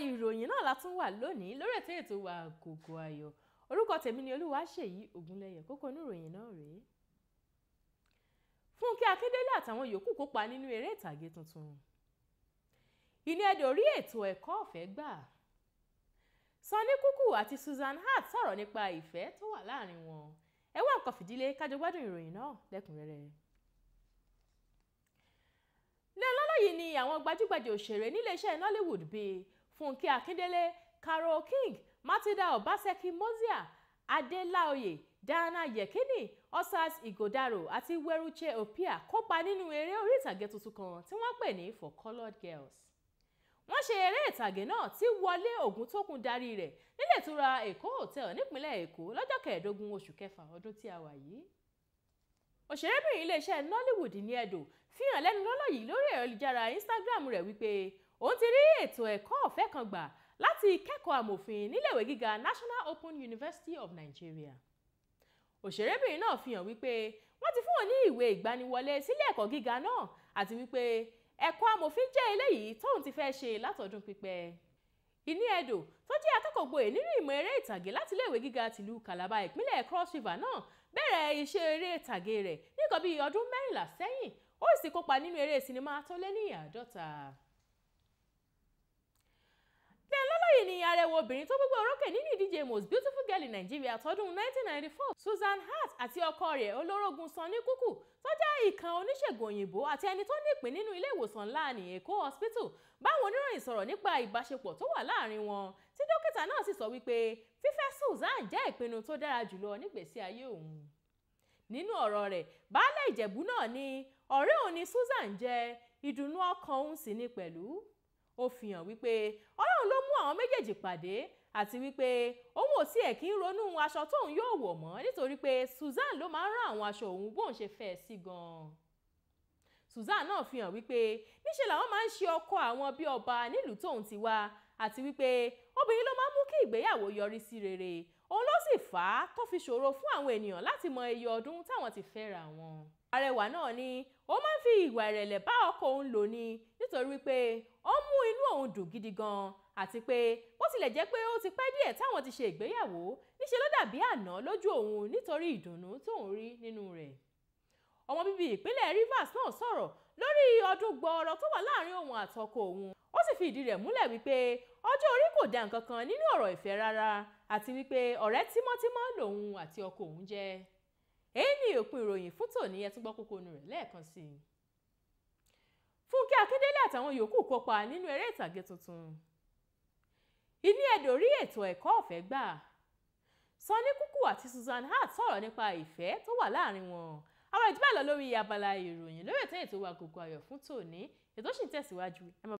ìròyìn náà la tún wà lónìí lórí ètò ètò wa Agogo Ayọ̀ orúkọ tèmi ni Olúwaṣèyí Ògúnlẹ̀yẹ kókó inú ìròyìn náà rèé Fúnkẹ́ Akíndélé àtàwọn yòókù kópa nínú eré ìtàgé tuntun ìní ẹ̀dọ̀ rí ètò ẹ̀kọ́ ọ̀fẹ́ gbà Sunny Kúkú àti Susan Hart sọ̀rọ̀ nípa ìfẹ́ tó wà láàrin wọn ẹ wá nǹkan fìdílé kájọ gbádùn ìròyìn náà lẹ́kùnrẹ́rẹ́ ní ọlọ́lọ́ yìí ni àwọn gbajúgbajà òṣèré níléeṣẹ́ Nollywood bíi fúnkẹ́ akíndélé carol king matilda obaseki mozia adéláoyè diana yekini osas igodaro àti weruche opia kópa nínú eré orí ìtàgé tuntun kan tí wọ́n pè ní for coloured girls wọ́n ṣe eré ìtàgé náà tí wọlé ògùntókun darí rẹ̀ nílé ìtura èkó hotel nípínlẹ̀ èkó lọ́jọ́ kẹẹ̀ẹ́dógún oṣù kẹfà ọdún tí a wà yìí òṣèrébìnrin iléeṣẹ́ nollywood ní ẹ̀dọ̀ fi lẹ́nu lọ́lọ́ yìí lórí ẹ̀rọ ìjára instagram rẹ̀ wípé òun ti rí ètò ẹ̀kọ́ ọ̀fẹ́ kan gbà láti kẹ́kọ̀ọ́ amòfin níléèwé gíga National Open University of Nigeria òṣèrébìnrin náà fi hàn wípé wọ́n ti fún òun ní ìwé ìgbaniwọlé sílé ẹ̀kọ́ gíga náà àti wípé ẹ̀kọ́ amòfin jẹ́ eléyìí tóun ti fẹ́ ṣe látọdún pípẹ́ Iniedo tó jẹ́ akẹ́kọ̀ọ́ gboyè nínú ìmọ̀ eré ìtàgé láti iléèwé gíga tìlú Calabar ìpínlẹ̀ Cross River náà bẹ̀rẹ̀ iṣẹ́ eré ìtàgé rẹ̀ ní nǹkan bíi ọdún mẹ́rìnlá sẹ́yìn ó sì kópa nínú eré sinimá tó lé ní àádọ́ta àgbéyẹ̀wò obìnrin tó gbégbá orókè nínú ìdíje most beautiful girl in Nigeria tọdún 1994 Susan Hart àti ọkọ rẹ̀ olórógun Sanni Kúkú tó jẹ́ ìkan oníṣègùn òyìnbó àti ẹni tó ní ìpín nínú ilé ìwòsàn ńlá ní Èkó hospital báwọn oníròyìn sọ̀rọ̀ nípa ìbáṣepọ̀ tó wà láàrin wọn tí dókítà náà sì sọ wípé fífẹ́ Susan jẹ́ ìpinnu tó dára jùlọ nígbèésí ayé òun nínú ọ̀rọ̀ rẹ̀ baálé Ìjẹ̀bú náà ní ọ̀rẹ́ òun ni Susan jẹ́ ìdùnnú ọkàn òun sì ni pẹ̀lú ó fi hàn wípé ọlọ́run ló mú àwọn méjèèjì pàdé àti wípé òun ò tiẹ̀ kí ń ronú aṣọ tóun yóò wọ̀ mọ́ nítorí pé Susan ló máa ń rán àwọn aṣọ òun bóun ṣe fẹ́ sí gan-an Susan náà fi hàn wípé níṣe làwọn máa ń ṣe ọkọ àwọn bí ọba nílùú tóun ti wá àti wípé obìnrin ló máa ń mú kí ìgbéyàwó yọrí sí rere fà á tó fi ṣòro fún àwọn ènìyàn láti mọ iye ọdún táwọn ti fẹ́ra wọn. Arẹwà náà ni ó máa ń fi ìwà ìrẹ̀lẹ̀ bá ọkọ òun lò ní nítorí pé ó mú inú òun dùn gidi gan-an àti pé bó tilẹ̀ jẹ́ pé ó ti pẹ́ díẹ̀ táwọn ti ṣe ìgbéyàwó níṣe ló dàbí àná lójú òun nítorí ìdùnnú tóun rí nínú rẹ̀ ọmọ bíbí ìpínlẹ̀ Rivers náà sọ̀rọ̀ lórí ọdún gbọọrọ tó wà láàrin òun àtọkọ òun ó sì fi ìdí rẹ̀ múlẹ̀ wípé ọjọ́ orí kò dá nǹkan kan nínú ọ̀rọ̀ ìfẹ́ rárá àti wípé ọ̀rẹ́ tímọ́tímọ́ lòun àti ọkọ òun jẹ́ èyí ni òpin ìròyìn fún tòní ẹ tún gbọ́ kókó inú rẹ̀ lẹ́ẹ̀kan sí i Fúnkẹ́ Akíndélé àtàwọn yòókù kópa nínú eré ìtàgé tuntun ìní ẹ̀dọ̀ rí ètò ẹ̀kọ́ ọ̀fẹ́ gbà Sanni Kúkú àti Susan Hart sọ̀rọ̀ nípa ìfẹ́ tó wà láàrin wọn ìdíbàlọ́ lórí abala ìròyìn lórí ètò ètò wa Agogo Ayọ̀ fún tòní ètò sì ń tẹ̀síwájú